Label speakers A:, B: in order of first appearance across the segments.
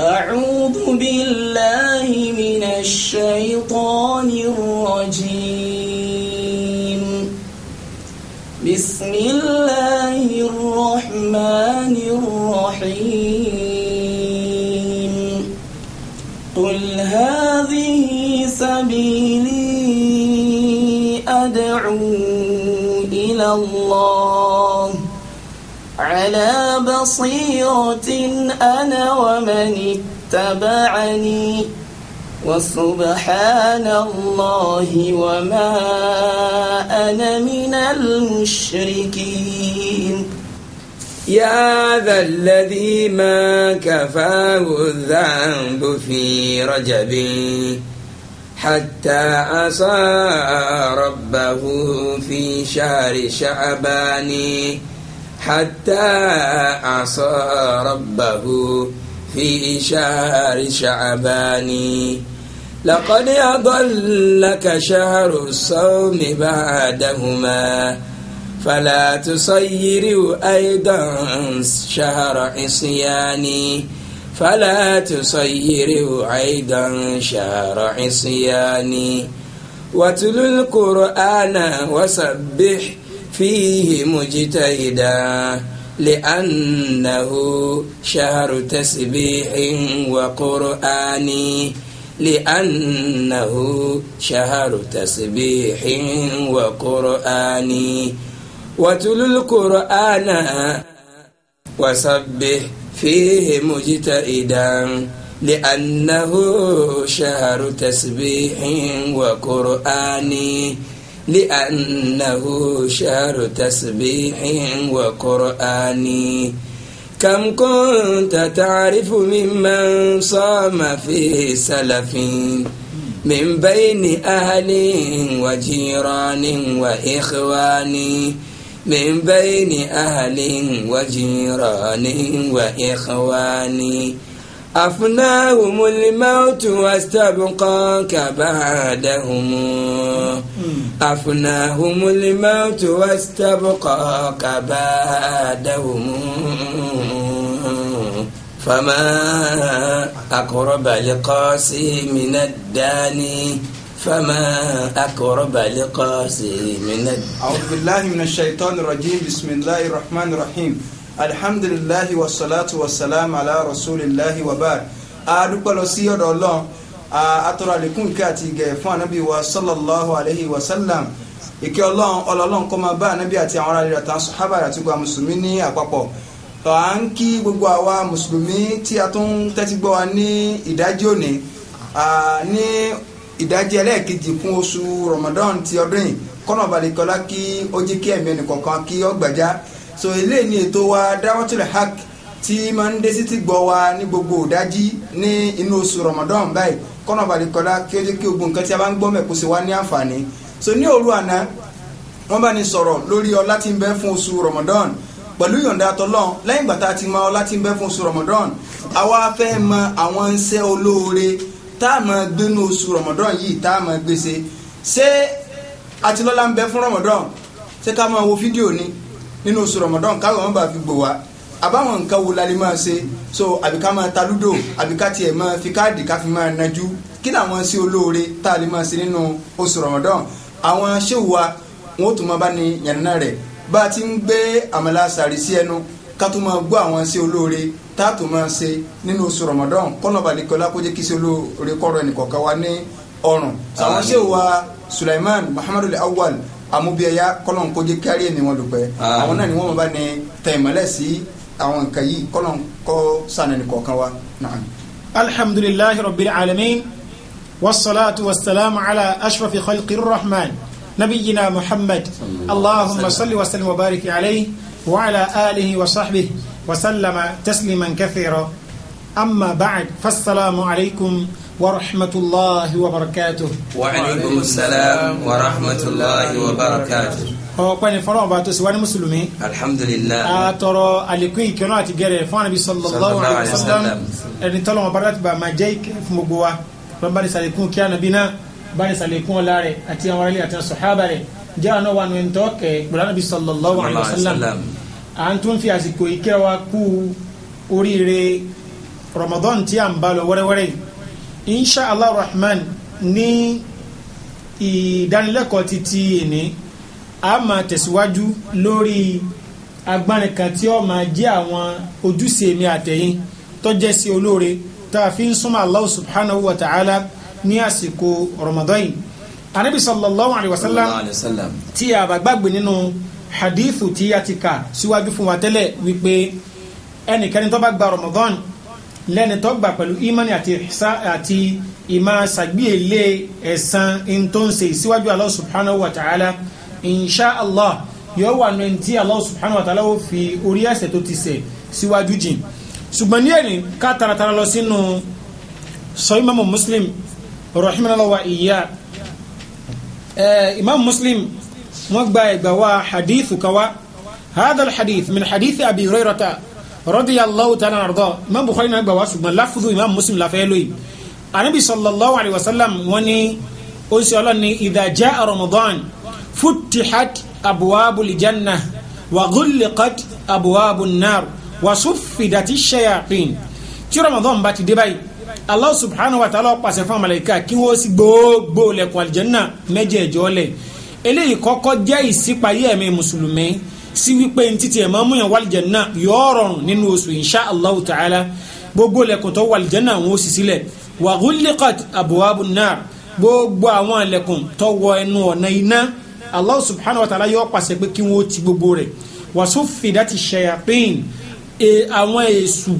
A: أعوذ بالله من الشيطان الرجيم بسم الله الرحمن الرحيم قل هذه سبيلي أدعو إلى الله على بصيرة أنا ومن اتبعني وسبحان الله وما أنا من المشركين يا ذا الذي ما كفاه الذنب في رجب حتى عصى ربه في شهر شعبان حتى عصى ربه في شهر شعبان لقد أضلك شهر الصوم بعدهما فلا تصير أيضا شهر عصيان فلا تصير أيضا شهر عصيان واتل القرآن وسبح فيه مجتهدا لأنه شهر تسبيح وقرآن لأنه شهر تسبيح وقرآن وتل القرآن وسبح فيه مجتهدا لأنه شهر تسبيح وقرآن لأنه شهر تسبيح وقرآن كم كنت تعرف ممن صام في سلف من بين أهل وجيران وإخوان من بين أهل وجيران وإخواني أفناهم الموت واستبقى كبعدهم أفناهم الموت واستبقى كبعدهم فما أقرب لقاسي من الداني فما أقرب لقاسي من الداني أعوذ بالله من الشيطان الرجيم
B: بسم الله الرحمن الرحيم alhamdulilahi wasalatu wasalam ala rasulilahi wabar adúpẹ́ lọ sí ọ̀dọ̀ ọlọ́run atọ́rọ̀ àlékún ìkẹ́ àti ìgẹ̀ fún ànábì wa sallallahu alayhi wa sallam ìkẹ́ ọlọ́run ọlọ́run kó máa bá ànábì àti àwọn ará rẹ̀ tán sọ́hábà àti gba mùsùlùmí ní àpapọ̀ tọ́ à ń kí gbogbo àwa mùsùlùmí tí a tún tẹ́tí gbọ́ wa ní ìdájí òní ní ìdájí ẹlẹ́ẹ̀kejì kún oṣù Ramadan ti ọdún yìí kọ́nà balẹ̀kọ́lá kí ó jẹ́ kí ẹ̀mí ẹnì kọ̀ọ̀kan kí ó gbàjá so eléyìí ni ètò wa dáwọ́tìlẹ̀ hak tí máa ń dé sí ti gbọ́ wa ní gbogbo ìdájí ní inú oṣù Ramadan báyìí kọ́nà balẹ̀kọ́lá kí ó jẹ́ kí gbogbo nǹkan tí a bá ń gbọ́ mẹ́kù sí wa ní àǹfààní so ní òru àná wọ́n bá ní sọ̀rọ̀ lórí ọlá tí ń bẹ fún oṣù Ramadan pẹ̀lú yọ̀ǹda tọ́lọ́n lẹ́yìn gbàtà ti mọ ọlá tí ń bẹ fún oṣù Ramadan àwa fẹ́ mọ àwọn iṣẹ́ olóore tá a máa gbé ní oṣù Ramadan yìí tá a máa gbé ṣe ṣé àtilọ́lá ń bẹ fún Ramadan ṣé ká máa wo fídíò ni nínú oṣù rọmọdán káwọn wọn bá fi gbò wá àbáwọn nǹkan wo la lè máa ṣe so àbí ká máa ta lúdò àbí ká tiẹ̀ máa fi káàdì ká fi máa najú kí làwọn sí olóore tá a lè máa ṣe nínú oṣù rọmọdán àwọn ṣéwù wa wọn ó tún máa bá ní yànnà rẹ̀ bá a ti ń gbé àmàlà sàrí sí ẹnu ká tún máa gbọ́ àwọn sí olóore tá a tún máa ṣe nínú oṣù rọmọdán kọ́nà balẹ̀kọ́lá kó kí sí olóore kọ́rọ̀ ẹnìkọ̀ọ̀kan wa ní ọrùn àwọn ṣéwù wa Sulaiman Muhammadu amúbíẹyà kọlọ̀ ń kọjá kárí ẹ̀mí wọn lùpẹ́ àwọn náà ni wọ́n bá ní tẹ̀ ìmọ́lẹ̀ sí àwọn nǹkan yìí kọlọ̀ ń kọ́ kọ̀ọ̀kan wa náà.
C: rabbil alamin wasalaatu wasalaamu ala ashrafi khalqi rahman nabiyina muhammad allahumma salli wa sallim wa barik alayhi wa ala alihi wa sahbihi wa sallama tasliman kathira. أما بعد فالسلام عليكم ورحمة الله وبركاته وعليكم السلام
A: ورحمة الله وبركاته
C: ọpẹ́ ni fọlọ́wọ́n bá tó ṣe wá ní mùsùlùmí. alhamdulilayi. a tọrọ àlékún ìkẹrọ àti gẹrẹ fún anabi sallallahu alayhi wa sallam ẹni tọ́lọ̀ wọn bára ti bá máa jẹ́ ìkẹ́ fún gbogbo wa wọn bá ní sàlékún kí anabi náà bá ní sàlékún ọ̀la rẹ̀ àti àwọn aráàlú àti sọ̀hábà rẹ̀ jẹ́ àná wa nùyẹn tọ́ kẹ́ gbọ́dọ̀ anabi sallallahu alayhi wa sallam. à tún fi àsìkò ìkẹ́ wa kú oríire Ramadan tí a ń bá lọ wẹ́rẹ́wẹ́rẹ́ insha allah rahman ní ìdánilẹ́kọ̀ọ́ ti ti èní a máa tẹ̀síwájú lórí agbánika tí ó máa jẹ́ àwọn ojúṣe mi àtẹ̀yìn tó jẹ́ sí olóore tá a fi ń súnmọ́ allah subhanahu wa ta'ala ní àsìkò Ramadan anabi sallallahu alayhi wa sallam tí a bá gbàgbé nínú hadithu tí a ti kà síwájú fún wa tẹ́lẹ̀ wípé ẹnikẹ́ni tó bá gba Ramadan lẹ́ni tó gbà pẹ̀lú imani àti ìmá sàgbéyèlé ẹ̀sán in tó ń ṣe síwájú Allah subhanahu wa ta'ala insha Allah yóò wà ní tí Allah subhanahu wa ta'ala ó fi orí ẹ̀ṣẹ̀ tó ti ṣẹ̀ síwájú jìn ṣùgbọ́n ní ẹ̀rìn ká taratara lọ sínú sọ imamu muslim rahimahullah wa iya imam muslim wọ́n gba ẹ̀gbà wa hadith kawa hadha hadith min hadith abi hurayrata radiyallahu ta'ala àrùdọ́ imam bukhari náà gbà wá ṣùgbọ́n láfùdù imam muslim láfẹ́ lóyè anabi sallallahu alayhi wa sallam wọ́n ní ó sì ọlọ́ni idha ja'a ramadan futihat abwabu lijanna wa ghulqat abwabu nar wa suffidati shayatin tí ramadan bá ti dé báyìí allah subhanahu wa ta'ala pàṣẹ fún amalayika kí wọ́n sì gbogbo lẹ̀kùn aljanna mẹ́jẹ̀ẹ̀jọ lẹ̀ eléyìí kọ́kọ́ jẹ́ ìṣípayé ẹ̀mí mùsùlùmí sí wípé ní títí ẹ̀ máa mú yàn wọ àlìjánnà yóò rọrùn nínú oṣù insha allah ta'ala gbogbo lẹ́kùn tó wọ àlìjánnà àwọn oṣù sílẹ̀ wa ghulliqat abwabu an-nar gbogbo àwọn lẹ́kùn tó wọ ẹnu ọ̀nà iná allah subhanahu wa ta'ala yóò pàṣẹ pé kí wọ́n ti gbogbo rẹ̀ wa suffidati shayatin e, àwọn èṣù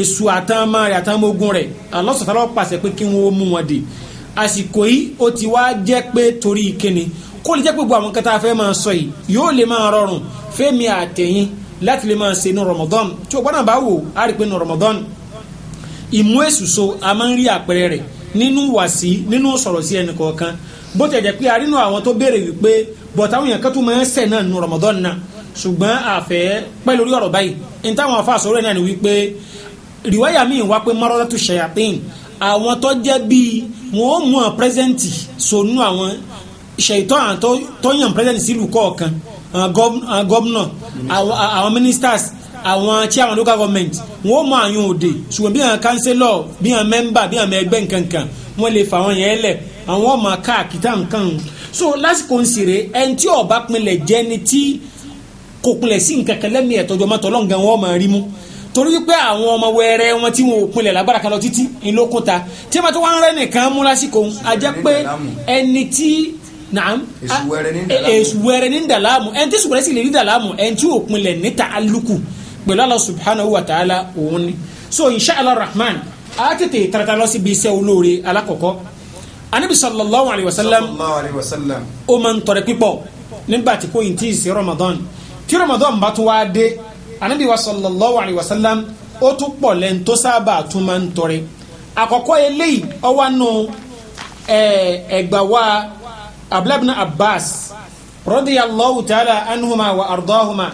C: èṣù àtàmà rẹ̀ àtàmà ogun rẹ̀ allah subhanahu wa ta'ala pàṣẹ pé kí wọ́n mú wọn dè àsìkò yìí ó ti wá jẹ́ pé torí kíni kó lè jẹ́ pé gbogbo àwọn nǹkan tá a fẹ́ máa sọ yìí yóò lè máa rọrùn fẹ́mi àtẹ̀yìn láti lè máa ṣe ní Ramadan tí o gbọ́dọ̀ bá wò á rí pé ní Ramadan ìmú èsù so a máa ń rí àpẹẹrẹ rẹ̀ nínú wàsí nínú sọ̀rọ̀ sí ẹnì kọ̀ọ̀kan bó tẹ̀ jẹ́ pé arínú àwọn tó béèrè wípé bọ̀tà àwọn èèyàn kan máa ń sẹ̀ náà ní Ramadan náà ṣùgbọ́n àfẹ́ pẹ́ lórí ọ̀rọ̀ báyìí ní táwọn afa sọ̀rọ̀ náà ni wípé rìwáyà míì wá pé mọ́rọ́dọ́tù ṣayatin àwọn tó jẹ́ bíi wọn ó mú ṣètò àwọn tó yàn president sílùú kọ̀ọ̀kan àwọn gómìnà àwọn ministers àwọn chairman local government wọn ò mọ àyùn òde ṣùgbọ́n bí àwọn councillor bí àwọn member bí àwọn ẹgbẹ́ nkankan wọn lè fà wọn yẹn lẹ̀ àwọn ọmọ káàkiri nǹkan so lásìkò ń sèré ẹni tí ọba pinlẹ̀ jẹ́ ni tí kò pinlẹ̀ sí nǹkan kan lẹ́mìí ẹ̀tọ́jọ́ mọ́tò ọlọ́ngàn wọn máa rí mú torí wípé àwọn ọmọ wẹrẹ wọn tí wọn ò pinlẹ̀ lágbára kan lọ títí ńlọkúta tí wọn tó wá ń rẹ́ nìkan mú lásìkò ajẹ́ pé ẹni tí naam èsù ah, wẹrẹ ní eh, dàlámù ẹni tí sùgbọ́n sì lè rí dàlámù ẹni tí òpin lẹ̀ ní ta'alluku pẹ̀lú Allah subhanahu wa ta'ala òun so insha Allah rahman a tètè tarata lọ sí ibi iṣẹ́ olóore alákọ̀ọ́kọ́ anabi sallallahu alayhi wa sallam o man, ń tọrẹ pípọ̀ nígbà tí kò in tí ì ramadan tí ramadan bá tún wá dé anabi wa sallallahu alayhi wa sallam ó tún pọ̀ lẹ́nu tó sábà tún máa ń tọrẹ àkọ́kọ́ eléyìí ọwọ́ nù ẹ̀ẹ́dẹ̀gbà eh, wa abdullahi ibn abbas radiyallahu ta'ala anhuma wa ardahuma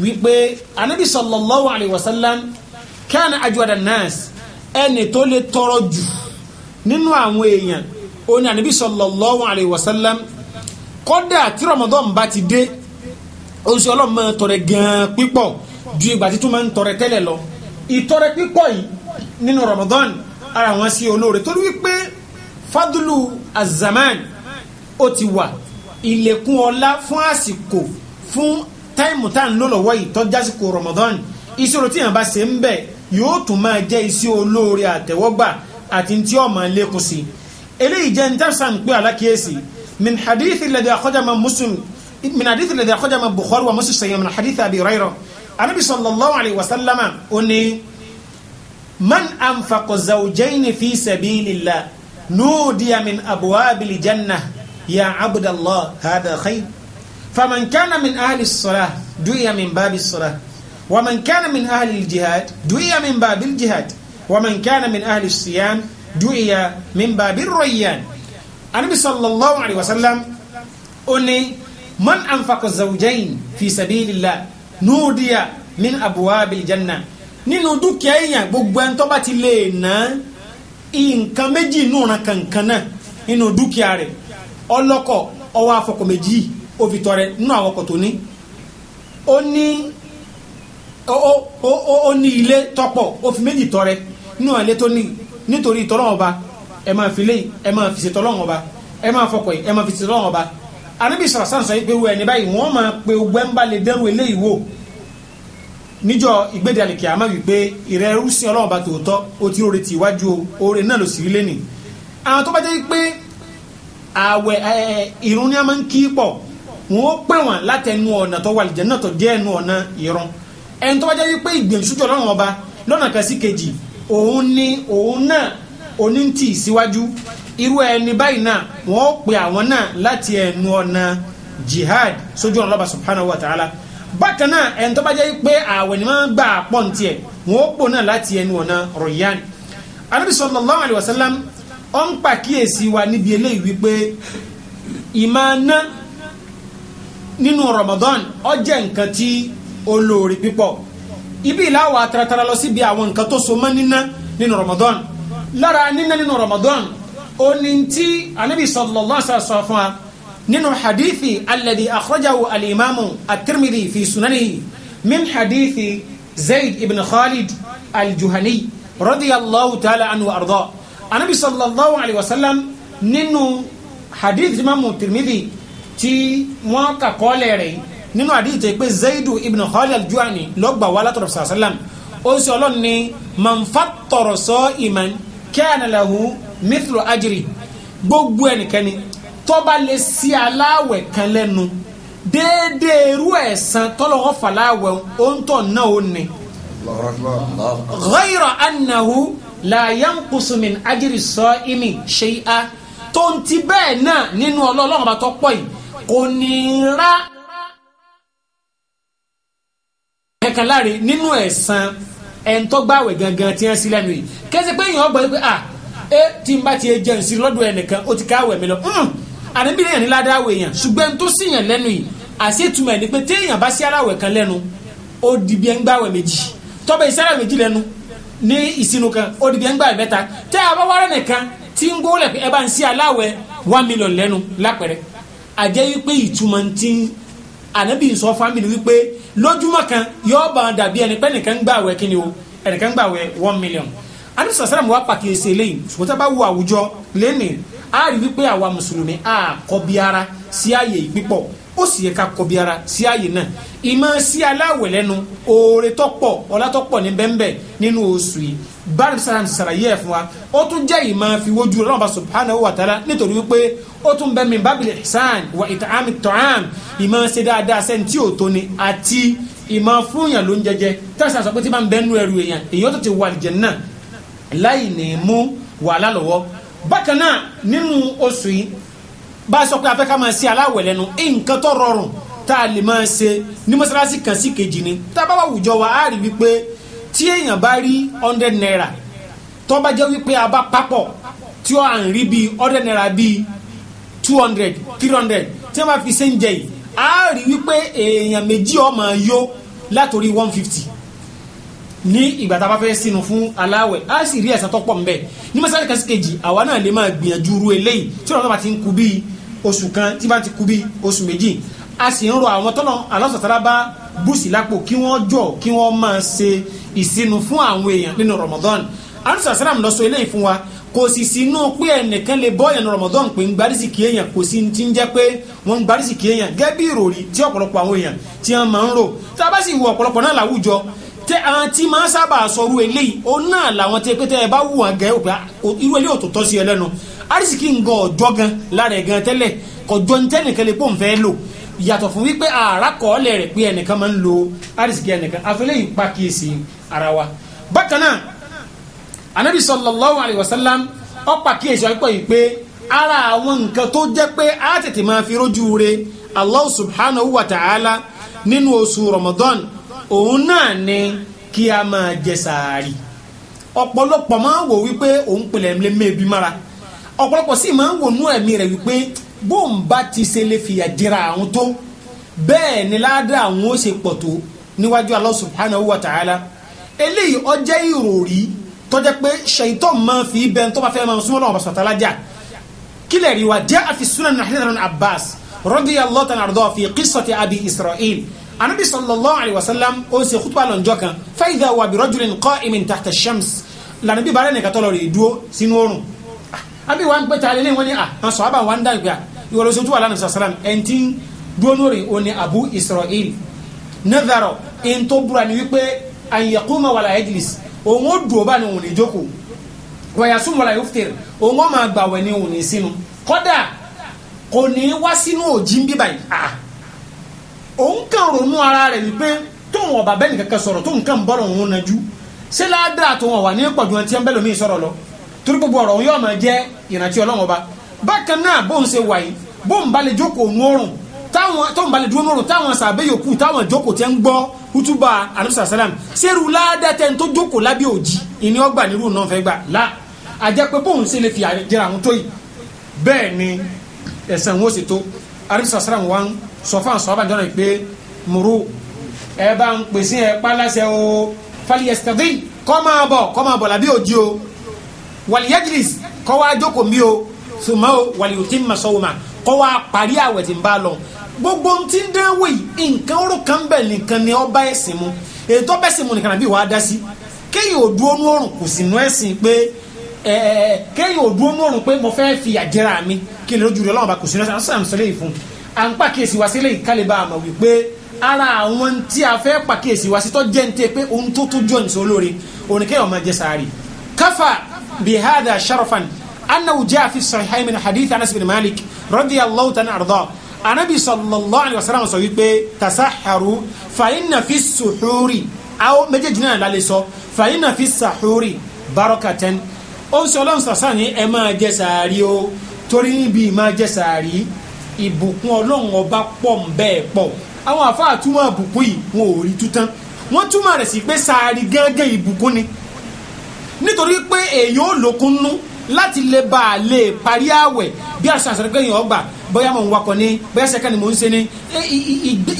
C: wípé anabi sallallahu alayhi wa sallam kana ajwada nas ẹni tó lè tọrọ jù nínú àwọn èèyàn ó ní anabi sallallahu alayhi wa sallam kódà tí ramadan bá ti dé oṣù ọlọ́run máa tọrẹ gan-an pípọ̀ ju ìgbà tí tún máa ń tọrẹ tẹ́lẹ̀ lọ ìtọrẹ pípọ̀ yìí nínú ramadan ara wọn sí olóore torí wípé fadulu azaman az ó ti wà ìlẹ̀kùn ọlá fún àsìkò fún táìmù tá à ń lò lọ́wọ́ yìí tọ́jà sí kò Ramadan ìṣòro tí yàn bá ṣe ń bẹ̀ yóò tún máa jẹ́ iṣẹ́ olóore àtẹ̀wọ́gbà àti tí ó máa lékun sí eléyìí jẹ́ ntẹ́sán pé alákìyèsí min hadithi lẹ́dẹ̀ àkọ́jàmọ́ Muslim min hadithi lẹ́dẹ̀ àkọ́jàmọ́ Bukhari wa Muslim sẹ́yìn min hadithi Abi Hurairah anabi sallallahu alayhi wa sallama ó ní man anfaqa zawjayni fi sabilillah nudiya min abwabil jannah يا عبد الله هذا خير فمن كان من أهل الصلاة دعي من باب الصلاة ومن كان من أهل الجهاد دعي من باب الجهاد ومن كان من أهل الصيام دعي من باب الريان النبي صلى الله عليه وسلم أني من أنفق الزوجين في سبيل الله نودي من أبواب الجنة nínú dúkìá èèyàn gbogbo ẹni tó bá ti lè ná nǹkan méjì nù ọ̀ràn kankan náà nínú dúkìá rẹ̀ ọlọ́kọ̀ ọwọ́ afọkọ̀ méjì ó fi tọrẹ nínú àwọn ọkọ̀ tó ní ó ní ó ní ilé tọ́pọ̀ ó fi méjì tọrẹ nínú ilé tó ní nítorí tọ́lọ́wọ́n ọba ẹ máa fi léyìn ẹ máa fi ṣètọ́lọ́wọ́n ọba ẹ máa fọkọ̀ yìí ẹ máa fi ṣètọ́lọ́wọ́n ọba anábì sọ̀rọ̀ yìí pé wọ ẹni báyìí wọ́n máa pe ogbẹ́ ń bá lè dẹ́rù eléyìí wò níjọ́ ìgbéde àlèkè àmọ́ wípé ìrẹ́rú sí ọlọ́wọ́n ọba tòótọ́ ó ti rọrẹ́ tì iwájú oore náà ló sì rí lẹ́nìí àwọn tó bá jẹ́ pé àwẹ̀ ẹ̀ irun ní a máa ń kí pọ̀ wọ́n pẹ̀ wọ́n ọ̀nà tó wà àlìjẹ́nà tó díẹ̀ nu ọ̀nà irun ẹni tó bá jẹ́ wípé ìgbìyànjú sójú ọlọ́run ọba lọ́nà kan sí kejì òun ni òun náà oní ń tì síwájú irú ẹni báyìí náà wọ́n pè àwọn náà láti ẹnu ọ̀nà jihad sójú ọ̀nà ọlọ́ba subhanahu wa ta'ala bákan náà ẹni tó bá jẹ́ pé àwẹ̀ ni wọ́n gbà pọ̀ ní tiẹ̀ wọ́n pò náà láti ẹnu ọ̀nà rọ̀yán anabi sallallahu alayhi wa ọ ń pàkíyèsí wa níbi eléyìí wípé ìmáná nínú Ramadan ó jẹ́ nǹkan tí ó lóore pípọ̀ ibi ìlàwọ̀ àtàràtàrà lọ síbi àwọn nǹkan tó so mọ́ níná nínú Ramadan lára níná nínú Ramadan ó ní tí Ànábì sallallahu alaihi wasallam fún wa nínú hadithi alladhi akhrajahu al-imamu fi sunanihi min hadithi Zayd ibn Khalid al-Juhani ta'ala anhu wa anabi sallallahu alayhi wa sallam nínú hadith tí mamu tirmidhi tí wọ́n kà kọ́lẹ̀ rẹ̀ nínú hadith tó yẹ pé zaidu ibn khalid juani lọ́gbà wàhálà tó rọ̀ sàlám ó sì ọlọ́run ní man fattara sa'iman kana lahu mithlu ajri gbogbo ẹnikẹ́ni tó bá lè sí aláwẹ̀ kan lẹ́nu déédéé irú ẹ̀san tọ́lọ́wọ́ fàláwẹ̀ ó ń náà ó ní. ghayra annahu la yanqusu min ajri sa'imi shay'a tó ń ti bẹ́ẹ̀ náà nínú ọlọ́run bá tọ́ pọ̀ yìí kò ní ra kankan láre nínú ẹ̀san ẹ̀ńtọ́gbàwẹ̀ gangan tí wọ́n sí lẹ́nu yìí kẹ́sì pé èèyàn ọgbà pé ah e tí n bá ti jẹun sí lọ́dọ̀ ẹnìkan ó ti káwẹ̀ mi lọ hmm. àníbí èèyàn ní ládàáwẹ̀ èèyàn ṣùgbọ́n tó sì yàn lẹ́nu yìí àṣetumọ̀ ẹ̀ ni pé téèyàn bá sí aláwẹ̀ kan lẹ́nu ó di bí ẹ̀ ń gbàwẹ̀ méjì tọ́bẹ̀ ìsẹ́lẹ̀ méjì lẹ́nu ní ìsinú kan ó di bí ẹgbàá mẹ́ta tẹ́ nìkan tí ń gbówó ẹ bá ń sí aláwẹ̀ one million lẹ́nu lápẹ̀rẹ̀ àjẹ́ wípé ìtumọ̀ ti ń ànábì sọ fámìlì wípé lójúmọ́ kan yóò bá wọn dàbí ẹni pé ẹnìkan gbà wẹ̀ kí ni o ẹnìkan gbà wẹ̀ one million anu sasara mu wa pàkíyèsí eléyìí ṣùgbọ́n tá a bá wo àwùjọ lẹ́nìí a rí wípé àwa mùsùlùmí a kọ́ bí ara sí ààyè ìpípọ̀ ó sì yẹ ká kọ bí ara sí ààyè náà ìmọ̀ sí aláwẹ̀ lẹ́nu oore tọ́pọ̀ ọlá tọ́pọ̀ ní bẹ́ńbẹ́ nínú oṣù yìí báyìí sara sàlàyé ẹ̀ fún wa ó tún jẹ́ ìmọ̀ fi ọlọ́run bá subhanahu wa ta'ala nítorí wípé ó tún bẹ́ mi bábìlì ihsan wa ìtààmì tọ́hán ìmọ̀ ṣe dáadáa sẹ́ni tí ò tóni àti ìmọ̀ fúnyàn ló ń jẹjẹ tẹ́sán sọ pé tí máa ń bẹ́nu ẹrù bá a sọ pé a fẹ́ ká máa ṣe aláwẹ̀ lẹ́nu nǹkan tó rọrùn tá a lè máa ṣe ní mọ́sálásí kan sí kejì ni tá a bá wà wùjọ wa á rí wípé tí èèyàn bá rí hundred naira tó bá jẹ́ wípé a bá papọ̀ tí ó à ń rí bíi hundred naira bíi two hundred three hundred tí wọ́n bá fi ṣe ń jẹ yìí á rí wípé èèyàn méjì ó yó látòrí one fifty ní ìgbà tá a bá fẹ́ sínú fún aláwẹ̀ a sì rí ẹ̀san tó pọ̀ ńbẹ̀ ní mọ́sálásí kan sí kejì àwa náà lè máa gbìyànjú ru eléyìí tí ọ̀rọ̀ bá ti ń ku bíi oṣù kan tí bá ti kú bí oṣù méjì a sì ń rọ àwọn tọ́nà alásọ̀tara bá búùsì lápò kí wọ́n jọ kí wọ́n máa ṣe ìsinu fún àwọn èèyàn nínú Ramadan arusa salam lọ sọ eléyìí fún wa kò sì sínú pé ẹnìkan lè bọ́ ẹ̀nu Ramadan pé ń gbarísì kí èèyàn kò sí ti ń jẹ́ pé wọ́n ń gbarísì kí èèyàn gẹ́gẹ́ bí ìròrí tí ọ̀pọ̀lọpọ̀ àwọn èèyàn tí wọ́n máa ń rò tá a bá sì wo ọ̀pọ̀lọpọ̀ náà láwùjọ tẹ àwọn tí máa sábà sọrú eléyìí ó náà làwọn tẹ pé tẹ ẹ bá wù wọn gẹ ah, irú eléyìí ò tó tọ́ sí ẹ lẹ́nu arísìkí nǹkan ọ̀jọ́ gan lára ẹ̀ gan tẹ́lẹ̀ kọjọ́ ní tẹ́nìkan lè pò ń fẹ́ lò yàtọ̀ fún wípé ààrá kọ́ọ̀lẹ̀ rẹ̀ pé ẹnìkan máa ń lo arísìkí ẹnìkan afẹ́lẹ́ yìí pa kíyèsí ara wa. bákan náà anabi sallallahu alayhi wa sallam ó pa kíyèsí ọ̀pọ̀ yìí pé ara àwọn nǹkan tó jẹ́ pé á tètè máa fi rójú re allah subhanahu wa ta'ala nínú oṣù ramadan òun náà ni kí a máa jẹ sàárì ọ̀pọ̀lọpọ̀ máa wò wípé òun pèlè mẹ́ẹ̀bí mára ọ̀pọ̀lọpọ̀ sì máa ń wònú ẹ̀mí rẹ̀ wípé bóun bá ti ṣe lè fìyà jẹra àwọn tó bẹ́ẹ̀ ni ládàá àwọn ó ṣe pọ̀ tó níwájú Allah subhanahu wa ta'ala eléyìí ọjẹ́ ìròrí tọ́jẹ́ pé ṣèyítọ́ máa fi bẹ́ẹ̀ tó bá fẹ́ máa súnmọ́ lọ́wọ́ bàtà lájà kílẹ̀ rí wa jẹ́ àfi sunan ní hadith abbas radiyallahu ta'ala anhu fi qissati abi isra'il anabi sallallahu alayhi wa sallam ó ṣe khutba Abi wà ń pè ta lélẹ́yìn wọ́n ní àwọn sọ̀hábà wà ń dá ìgbà ìwọ̀lọ́ sojú wà lánàá sàlám ẹni tí ń abu israel nadharo ẹni tó búra ni wípé àyẹ̀kúmọ̀ wàlà ẹ́dìlìs òun ó dùn ó bá ní òun ní jókòó wàyàsùn wàlà yófùtẹ̀rẹ̀ òun ó máa gbàwẹ̀ ní òun ní sínú kọ́dà kò ní wá sínú òjì bíbà yìí à òun kàn ronú ara rẹ̀ wípé tóun ọ̀bà bẹ́ẹ̀ nìkan sọ̀rọ̀ tóun kàn bọ́rọ̀ òun náà ju ṣé ládàá tóun ọ̀wà ní pọ̀jù ẹni tí wọ́n bẹ́ẹ̀ lómi sọ̀rọ̀ lọ torí gbogbo ọ̀rọ̀ yóò máa jẹ́ ìrántí ọlọ́run ọba bákan náà bó ń ṣe wà yìí bó ń balẹ̀ jókòó nùọ̀rùn táwọn tó ń balẹ̀ dúró nùọ̀rùn táwọn sàbẹ̀ yòókù táwọn jókòó tẹ́ ń gbọ́ kútúbà anamsa salam sẹ́rù ládàtẹ́ tó jókòó lábẹ́ òjì ìní ọgbà nírú náà fẹ́ gbà la àjẹ́ pé bó ń ṣe lè fi àjẹrà àwọn tó yìí bẹ́ẹ̀ ni ẹ̀sẹ̀ wọn ò sì tó anamsa salam wa ń sọ fún àṣọ àbájọ́ náà pé mùrù ẹ bá ń pèsè ẹ pálásẹ o fàlíyẹsítẹ́dín kọ́ máa bọ̀ kọ́ máa bọ̀ lábẹ́ òjì o wàlíyájìlìs kọ́ joko jókòó mi o sùmọ́ o wàlíyòtí mà sọ́wọ́ mà kọ́ wá parí àwẹ̀ tí ń bá lọ gbogbo ń ti dánwò yìí nǹkan oró kan bẹ̀ nìkan ni ọba ẹ̀sìn mu ètò ọba ẹ̀sìn mu nìkan àbí wàá dá sí kéèyàn ò dúró nú òrùn kò sì nú ẹ̀sìn pé kéèyàn ò dúró nú òrùn pé mo fẹ́ fi àjẹrà mi kí n lójú rẹ̀ ọlọ́run bá kò sí lọ́sàn-án sàn sọ́lé yìí à ń pàkíyèsí wá sílé ìkálẹ̀ bá a mọ̀ wípé ara àwọn tí a fẹ́ pàkíyèsí wá sí jẹ́ ń tẹ́ pé ohun tó tó jọ nìṣó lóore òní kéèyàn máa jẹ sàárì káfà بهذا شرفا أنه جاء في الصحيحين من حديث أنس بن مالك رضي الله تعالى أرضاه النبي صلى الله عليه وسلم sọ wípé تسحروا فإن في السحور أو méjèèjì náà lálẹ́ sọ فإن في السحور بركة ó ń sọ ọlọ́run sàṣà ní ẹ máa jẹ sàárì o torí níbi máa jẹ sàárì ìbùkún ọlọ́run ọba pọ̀ ń bẹ́ẹ̀ pọ̀ àwọn àfáà túmọ̀ ìbùkún yìí wọn ò rí tútán wọ́n túmọ̀ rẹ̀ sí pé sàárì gángan ìbùkún ni nítorí pé èyí ò lókun nú láti lè bá a lè parí àwẹ̀ bí àṣà àṣàrẹ́gbẹ́ yẹn ọgbà bóyá mò ń wakọ̀ ni bóyá sẹ́kẹ́ ni mò ń ṣe ni e,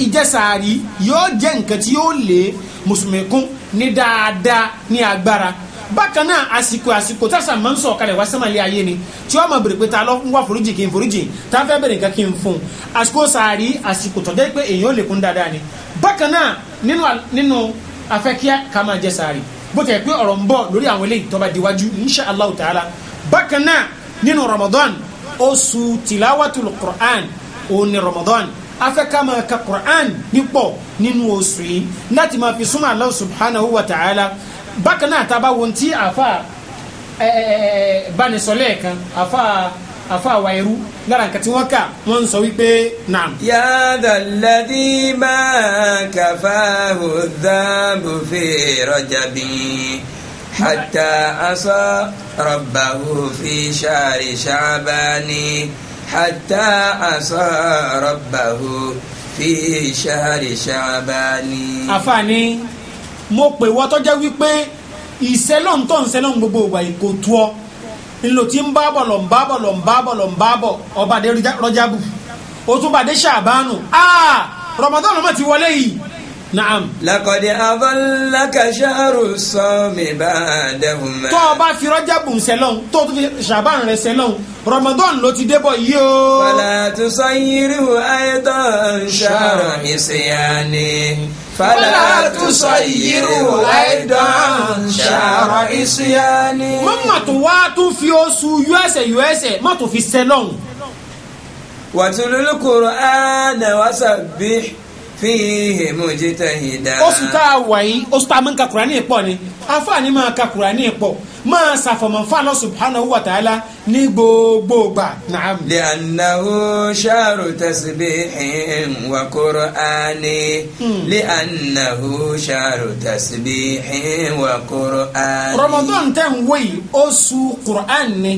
C: ìjẹsàárì yóò jẹ́ nǹkan tí yóò lè mùsùlùmí kún ní dáadáa ní agbára bákan náà àsìkò àsìkò tá a sàn máa ń sọ kalẹ̀ wá sẹ́màlẹ́ ayé ni tí wọ́n máa bèrè pé ta lọ ń wá foríjì kí n foríjì tá fẹ́ bèrè nǹkan kí n fún un àsìkò sàárì àsìkò tọ́jọ́ pé èèyàn ò lè kún dáadáa ni bákan náà nínú afẹ́kíá ká máa jẹ sàárì bó tẹ̀ pé ọ̀rọ̀ ń bọ̀ lórí àwọn eléyìí tó bá diwájú insha allah ta'ala bákan náà nínú ramadan oṣù tilawatul qur'an òun ni ramadan afẹ́ká máa ka qur'an nípọ̀ nínú oṣù yìí láti máa fi súnmọ́ allah subhanahu wa ta'ala bákan náà tá a bá wọn tí àfa ẹ ẹ bánisọ lẹ́ẹ̀kan àfa afa àwa ẹrú lára nǹkan tí wọ́n kà wọ́n ń sọ wípé naam. yàda ladi ma
A: kafahu dhambu fi rajabi hatta asa rabbahu fi shari shabani hatta asa rabbahu fi shari shabani.
C: àfààní mo pè wọ́n tọ́jà wípé ìṣẹ́lọ́ntọ́ ìṣẹ́lọ́n gbogbo ìwà ìkòtú ọ ńlò tí ń bábọ̀ lọ̀ ń bábọ̀ lọ̀ ń bábọ̀ lọ̀ ń bábọ̀ ọba dé rọjábù ó tún bàdé ṣàbánu aa ah! rọmọdún ọlọmọ ti wọlé yìí naam.
A: lakọ̀dé abọ́láka ṣáàrù sọ́mi bá a
C: dẹ́hùn mẹ́. tó o bá fi rọjábù ń tó o fi ṣàbánu rẹ sẹlọ́n rọmọdún ló ti débọ̀ yìí o. fàlàtúnṣe yìí rí wo ayé tó ń ṣàrọ̀
A: ìṣèyàn ni fala tusayiru aidan ṣara isiyani.
C: wọ́n mà tó wá tún fi oṣù usa usa má tó fi sẹ́lọ̀n.
A: wàtúlùkùrù ànà wàsàbí fihi mujtahida. oṣù tá
C: a wà yìí oṣù tá a máa ń ka Kùránì pọ̀ ni afáàní máa ka Kùránì pọ̀ máa ṣàfọ̀mọ̀ fáànà subhanahu wa ta'ala ní gbogbo gbà. naam.
A: li'annahu shahru tasbihin wa qur'ani. Hmm. li'annahu shahru tasbihin wa qur'ani. Ramadan
C: tẹ̀ ń wé oṣù Kùránì ni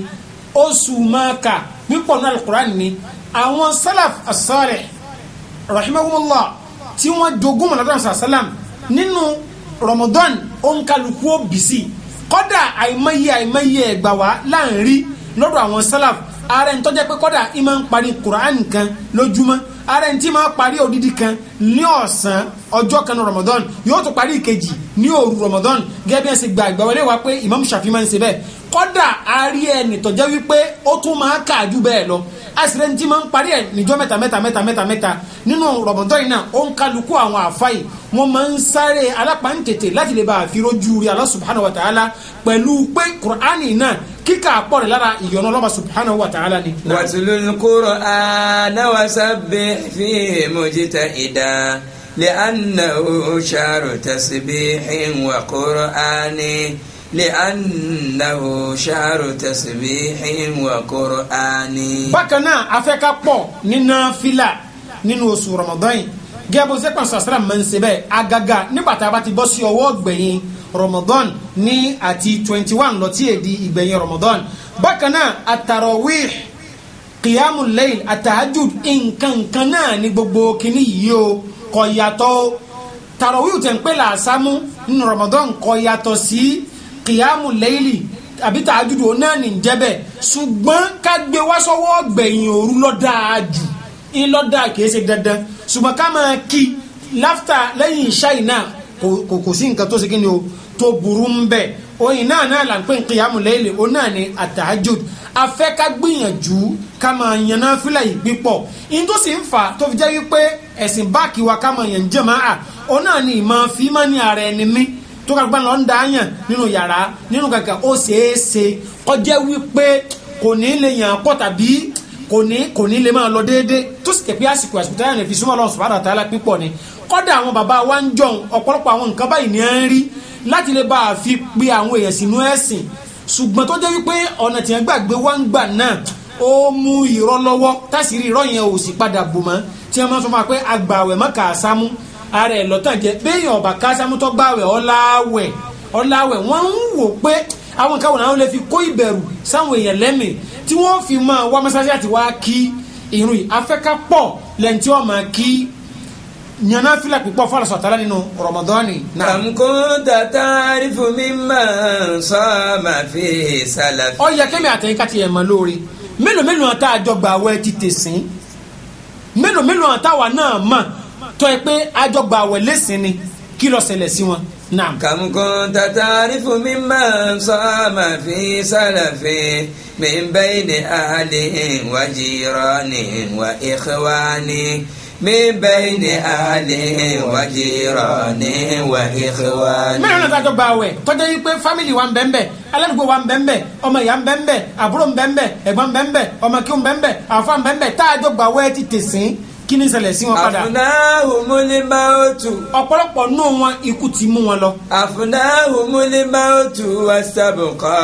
C: oṣù máa ka pípọ̀ náà Kùránì ni àwọn salaf as-salih tí wọ́n jogún mọ̀lọ́dọ̀ sàlám nínú Ramadan onkaluku obisi kọ́dà àìmọye àìmọye ẹ̀gbà wá láàrin lọ́dọ̀ àwọn sálàf ààrẹ ń tọ́jẹ́ pé kọ́dà ìmọ̀ ń parí Quran kan lójúmọ́ ààrẹ tí máa parí odidi kan ní ọ̀sán ọjọ́ kan Ramadan yóò tún parí ìkejì ní òru Ramadan gẹ́gẹ́ bí ẹ ṣe gba ìgbàwọlé wa pé Imam Shafi máa ń ṣe bẹ́ẹ̀ kọ́dà ààrí ẹnì tọ́jẹ́ wípé ó tún máa kà jù bẹ́ẹ̀ lọ àṣìrẹ́ ní tí máa ń parí ẹ̀ níjọ́ mẹ́ta mẹ́ta mẹ́ta mẹ́ta mẹ́ta nínú rọ̀bọ̀ntọ́ yìí náà ó ń kálukú àwọn àfáì wọ́n máa ń sáré alápàǹtètè láti lè bá àfirójú rí Allah subhanahu wa ta'ala pẹ̀lú pé kùránì náà kíkà pọ̀ rẹ̀ lára ìyọnu ọlọ́ba wa ta'ala ni. watlul Qur'ana
A: wasabbih fihi mujtahida li'annahu shahru tasbihin wa Qur'ani li'annahu shahru tasbihin wa qur'ani.
C: bákan náà afẹ́ká pọ̀ nínú fílà nínú oṣù rọmọdán yìí gẹ́gẹ́ bó ṣe pàṣẹ àṣírà máa ń ṣe bẹ́ẹ̀ agaga nígbà tá a bá ti bọ́ sí ọwọ́ gbẹ̀yìn rọmọdán ní àti twenty one lọ́tí èdè ìgbẹ̀yìn rọmọdán bákan náà àtàràwíì kìyàmù lẹ́yìn àtàjùd nǹkankan náà ní gbogbo kínní yìí o kò yàtọ̀ tàràwíì kìyàmù lẹ́yìlì àbí tààjùdù òun náà ní jẹ́bẹ̀ ṣùgbọ́n ká gbé wá sọ́wọ́ gbẹ̀yìn òru lọ́dàá jù ń lọ́dàá kìí ṣe dandan ṣùgbọ́n ká máa kí láftà lẹ́yìn ìṣáì náà kò kò sí nǹkan tó ni o tó burú ń bẹ̀ oyin náà náà là ń pè ń kìyàmù lẹ́yìlì òun náà ní àtàjùdù afẹ́ ká gbìyànjú ká máa fi jẹ́ wípé ẹ̀sìn tó ká gbọ́n lọ ń dáyàn nínú yàrá nínú kàkà ó ṣeé ṣe kọjá wípé kò ní lè yàn pọ̀ tàbí kò ní kò ní lè máa lọ déédéé tó sì tẹ̀pẹ́ àsìkò àsìkò táyà lè fi súnmọ́ Ọlọ́run subhanahu wa pípọ̀ ni kọ́dà àwọn bàbá wa ń jọun ọ̀pọ̀lọpọ̀ àwọn nǹkan báyìí ni à ń rí láti lè bá a fi pe àwọn èèyàn sínú ẹ̀sìn ṣùgbọ́n tó jẹ́ wípé ọ̀nà tí wọ́n gbàgbé wá ń gbà náà ó mú irọ́ lọ́wọ́ tásìrí irọ́ yẹn ò sì padà bò mọ́ tí wọ́n máa sọ fún wa pé agbàwẹ̀ mọ́kà àsámú ara ẹ̀ lọ́tàn jẹ́ béèyàn ọ̀bà kásámútọ́ gbàwẹ̀ ọ̀làwẹ̀ ọ̀làwẹ̀ wọ́n ń wò pé àwọn káwọn àwọn lè fi kó ìbẹ̀rù sáwọn èèyàn lẹ́mìí tí wọ́n fi máa wá mọ́sáṣí àti wá kí irun yìí afẹ́ká pọ̀ lẹ́yìn tí wọ́n máa kí yànnà fílà púpọ̀ fún àlọ́sọ̀ nínú rọmọdọ́ọ̀nì. àmkúndà tààrí fún mi máa ń sọ àmà fi sálàfì. ó yẹ kẹ́mi àtẹ̀yìn ká ti ẹ̀ mọ́ lóore mélòó mélòó àtàjọgbà àwẹ̀ ti tẹ̀sìn mélòó mélòó àtàwà náà mọ̀ tọ́ ẹ pé àjọgbà àwẹ̀ lẹ́sìn ni kí ló ṣẹlẹ̀ sí wọn. Naam. Kam kunta ta'rifu mimman sama
A: fi salafi min bayni ahlihi wa jiranihi wa ikhwanihi min bayni ahlihi wa jiranihi wa ikhwanihi.
C: Mẹ́rin náà tàjọ́ gba àwẹ̀ tọ́jú yìí pé fámìlì wa ń bẹ ń bẹ wa ń bẹ ń ọmọ ìyá ń bẹ ń àbúrò ń bẹ ń ẹ̀gbọ́n ń bẹ ń ọmọ kí kí ni ṣẹlẹ̀ sí wọn padà. àfúnáhùnmúlé máa ó tù. ọ̀pọ̀lọpọ̀
A: nù wọn ikú ti mú wọn lọ. àfúnáhùnmúlé máa ó tù wá sábùkọ́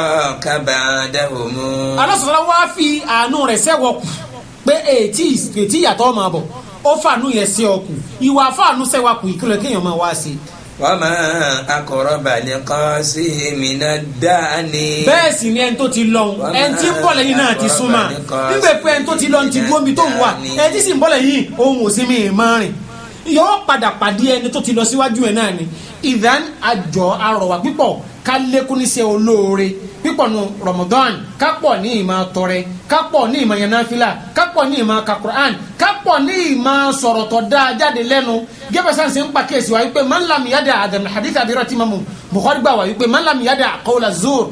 A: kábàádáhùnmú.
C: alásọ̀rọ̀ wá fi àánú rẹ̀ sẹ́wọ̀ kù pé ètí ètí ìyàtọ̀ máa bọ̀ ó fàánú yẹn sí ọkù ìwà fàánú sẹ́wọ̀ kù ìkìlọ̀ kéèyàn máa wá sí i
A: wàmà akọrọba ni kọ́sí mi náà dání.
C: bẹ́ẹ̀ sì ni ẹni tó ti lọ ẹni tí ń bọ̀ lẹ́yìn náà ti súnmọ́ nígbà pé ẹni tó ti lọ ti gómi tó ń wà ẹni tí sì ń bọ̀ lẹ́yìn ohun òsínmi ìmọ̀ rìn yóò padà pàdé ẹni tó ti lọ síwájú ẹ̀ náà ni ìdán àjọ àrọ̀wà pípọ̀ ká lékún níṣẹ́ olóore pípọ̀ nu Ramadan kápọ̀ ní ìmọ̀ tọrẹ kápọ̀ ní ìmọ̀ yanáfílà kápọ̀ ní ìmọ̀ ka Qur'an kápọ̀ ní ìmọ̀ sọ̀rọ̀ tó dáa jáde lẹ́nu gẹ́bẹ̀sán sì ń pa kíyèsí wa wípé man lam yada àdàmì hadith àbírọ̀ mamu Bukhari gbà wá wípé man lam yada qawla zur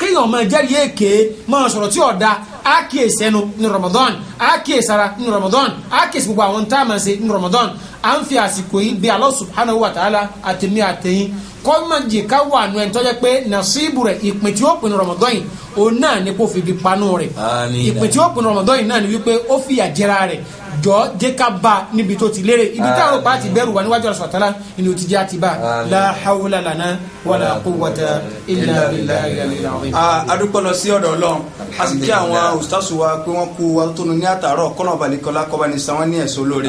C: kéèyàn máa jẹ́rìí èké máa sọ̀rọ̀ tí ò dáa a kíyèsí ẹnu ní Ramadan a kíyèsí ara ní Ramadan a kíyèsí gbogbo àwọn tá a máa ṣe ní Ramadan à ń fi àsìkò yìí bí Allah subhanahu wa ta'ala àtẹ̀mí àtẹ̀yìn kọ́ máa jẹ́ ká wà nù ẹ̀ tọ́jẹ́ pé nàṣíbù rẹ̀ ìpín tí ó pin Ramadan yìí òun náà ni kó fìdí panu rẹ̀ ìpè tí ó pinnu ọmọdọ́ yìí náà ni wípé ó fìyà jẹra rẹ̀ jọ jẹ́ ká bá níbi tó ti lérè ibi táwọn ọ̀pá ti bẹ̀rù wà níwájú ọ̀sán tálá inú ti jẹ́ àti bá la hawla lana wala quwwata illa billahi ìlànà. adúpọ̀lọ sí ọ̀dọ̀ ọlọ́run a sì kí àwọn
B: ustaṣu wa pé wọ́n kú wa tó ní àtàárọ̀ kọ́nà balẹ̀kọ́lá kọ́ba sanwó ní
A: ẹ̀sọ́ lórí.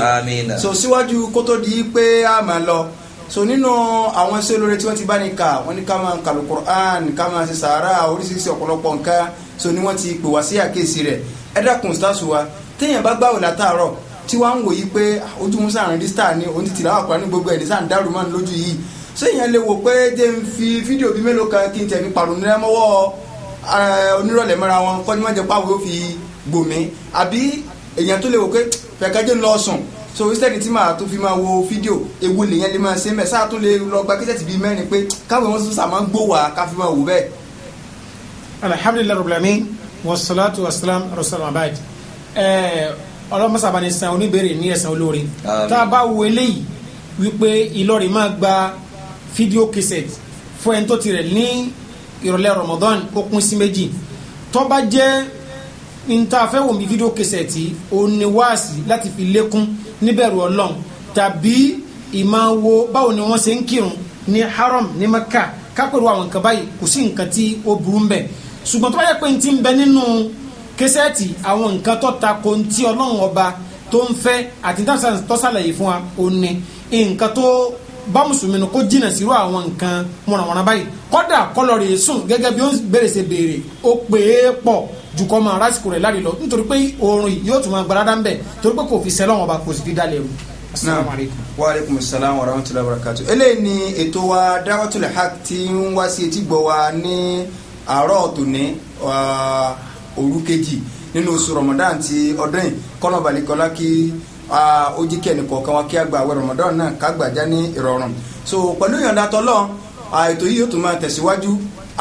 A: so
B: síwájú kótó di pé a máa lọ so nínú àwọn iṣẹ́ olóore tí wọ́n ti bá ní kà wọ́n ní ká máa kàlù Qur'an ká máa ṣe sàárà oríṣiríṣi ọ̀pọ̀lọpọ̀ nǹkan so ni wọ́n ti pè wá sí àkéèsí rẹ̀ ẹ dákun sítáṣù wa téèyàn bá gbàwò látàárọ̀ tí wọ́n ń wò yí pé ojú ń sàrìn dísítà ni òun ti tìlà àkùrá ní gbogbo ẹ̀ ní sàn dárú mọ́ lójú yìí so èèyàn lè wò pé jẹ́ ń fi fídíò bíi mélòó kan kí n tẹ̀ fi pàrònú rẹ mọ́wọ́ eh, onírọ̀lẹ́ mọ́ra wọn kọ́ ni wọ́n jẹ pàwọ́ fi gbòmí àbí èèyàn tó lè wò pé fẹ̀kẹ́jẹ́ ń lọ sùn so instead tí màá tó fi máa wo fídíò ewu lèyẹn lè máa ṣe mẹ́ sáà tó lè lọ gba kẹ́sẹ̀tì bíi mẹ́rin pé káwọn wọn sọ sàmá ń gbó wa ká fi máa wò bẹ́ẹ̀.
C: alhamdulilayi rabbil alamin wasalaatu wasalaam rasulillah abad ẹẹ ọlọmọsàbà ni san oníbèrè ní ẹ̀san olóore tá a bá wo eléyìí wípé Ìlọrin máa gba fídíò kẹsẹ̀tì fún ẹni tó tirẹ̀ ní ìrọ̀lẹ́ Ramadan ó pín sí méjì tó bá jẹ́ níta fẹ́ wò mí fídíò kẹsẹ̀ tí òun ni wáàsí láti fi lékún níbẹ̀rù ọlọ́run tàbí ìmáa báwo ni wọ́n ṣe ń kírun ní haram ní maka kápẹ̀rù àwọn nǹkan báyìí kò sí nǹkan tí ó burú ń bẹ̀ ṣùgbọ́n tó bá yẹ pé n ti ń bẹ nínú kẹsẹ̀ tí àwọn nǹkan tó ta ko ń tí ọlọ́run tó ń fẹ́ àti tọ́sàlàyé fún wa òun nǹkan tó bá mùsùlùmí nu kó jìnnà sírú àwọn nǹkan mọ̀nàmọ́ná báyìí kọ́dà kọlọ́rì sùn gẹ́gẹ́ bí ó bèrè ṣe béèrè ó pè é pọ̀ ju kọ́ máa rásìkò rẹ̀ láre lọ nítorí pé oorun yìí yóò tún máa gbalada ń bẹ̀ torí pé kò fi sẹ́lọ̀ wọn bá kò sì fi dálé o.
B: wa aleykum salaam wa rahmatulahi barakatu. eléyìí ni ètò wa Da'watul Haq ti ń wá sí etí gbọ́ wa ní àárọ̀ tòní òru kejì nínú oṣù Ramadan ti ọdún yìí kọ́nà balikọ́lá kí ó jí kẹ́ni kọ̀ọ̀kan wa kí a gba àwẹ̀ Ramadan náà ká gbàjá ní ìrọ̀rùn so pẹ̀lú ìyọ̀ǹda tọ́lọ́ ètò yìí yóò tún máa tẹ̀síwájú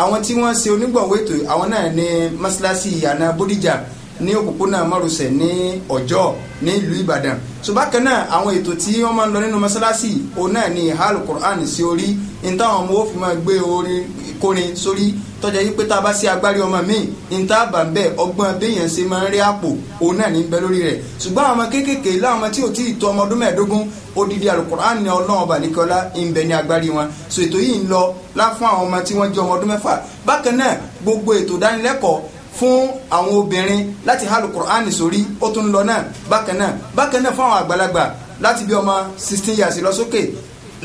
B: àwọn tí wọ́n ṣe onígbọ̀wọ́ ètò àwọn náà ní mọ́ṣáláṣí ìyànà Bódìjà ní òpópónà márosẹ̀ ní ọjọ́ ní ìlú ìbàdàn so bákan náà àwọn ètò tí wọ́n máa ń lọ nínú mọ́sálásì òun náà ni hal quran sí orí ní táwọn ọmọ òfin máa gbé orin kórin sórí tọ́jà yí pé tá a bá sí agbárí ọmọ míì ní tá a bá ń bẹ̀ ọgbọ́n béèyàn ṣe máa ń rí àpò òun náà ní bẹ lórí rẹ̀ ṣùgbọ́n àwọn ọmọ kéékèèké láwọn ọmọ tí ò tí ì tó ọmọ ọdún mẹ́ẹ̀ẹ́dógún odidi alukur'an ni ọlọ́run ọba àlekọ́lá ń bẹ ní agbárí wọn so ètò yìí ń lọ láfún àwọn ọmọ tí wọ́n jẹ́ ọmọ ọdún mẹ́fà bákan náà gbogbo ètò ìdánilẹ́kọ̀ọ́ fún àwọn obìnrin láti hàlù Qur'an sórí ó tún lọ náà bákan náà bákan náà fún àwọn àgbàlagbà láti bí ọmọ sixteen years lọ sókè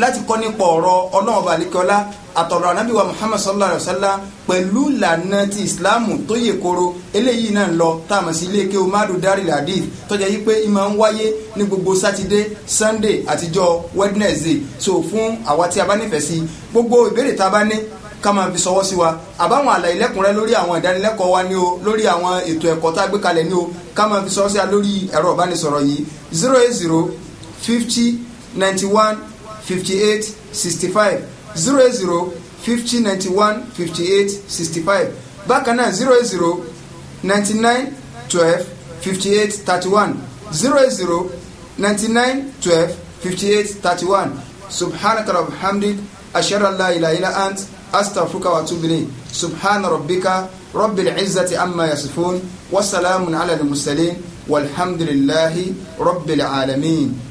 B: láti kọ́ nípa ọ̀rọ̀ ọlọ́run ọba àlekọ́lá àtọ̀rọ̀ anábìwá muhammad sallallahu alayhi wa sallam pẹ̀lú ìlànà ti ìsìláàmù tó yè koro eléyìí náà ń lọ tá a mọ̀ sí iléeké umadu darila hadith tọ́jà yí pé ìmọ̀ ń wáyé ní gbogbo sátidé sunday àtijọ́ wednesday so fún àwa tí a bá nífẹ̀ẹ́ sí gbogbo ìbéèrè tá a bá ní Kama máa fi sọwọ́ sí wa àbáwọn àlàyé lẹ́kùnrẹ́ lórí àwọn ìdánilẹ́kọ̀ọ́ wa ní o lórí àwọn ètò ẹ̀kọ́ tá a gbé kalẹ̀ ní o ká fi sọwọ́ sí wa lórí ẹ̀rọ ìbánisọ̀rọ̀ yìí zero eight zero fifty ninety one fifty eight sixty five zero eight zero fifty ninety one fifty eight sixty five bákan náà zero eight zero ninety nine twelve fifty eight thirty one zero eight zero ninety nine twelve fifty eight thirty one subhanaka rabbil hamdi ashara la ilaha illa ant. أستغفرك وأتوب إليك سبحان ربك رب العزة عما يصفون وسلام على المرسلين والحمد لله رب العالمين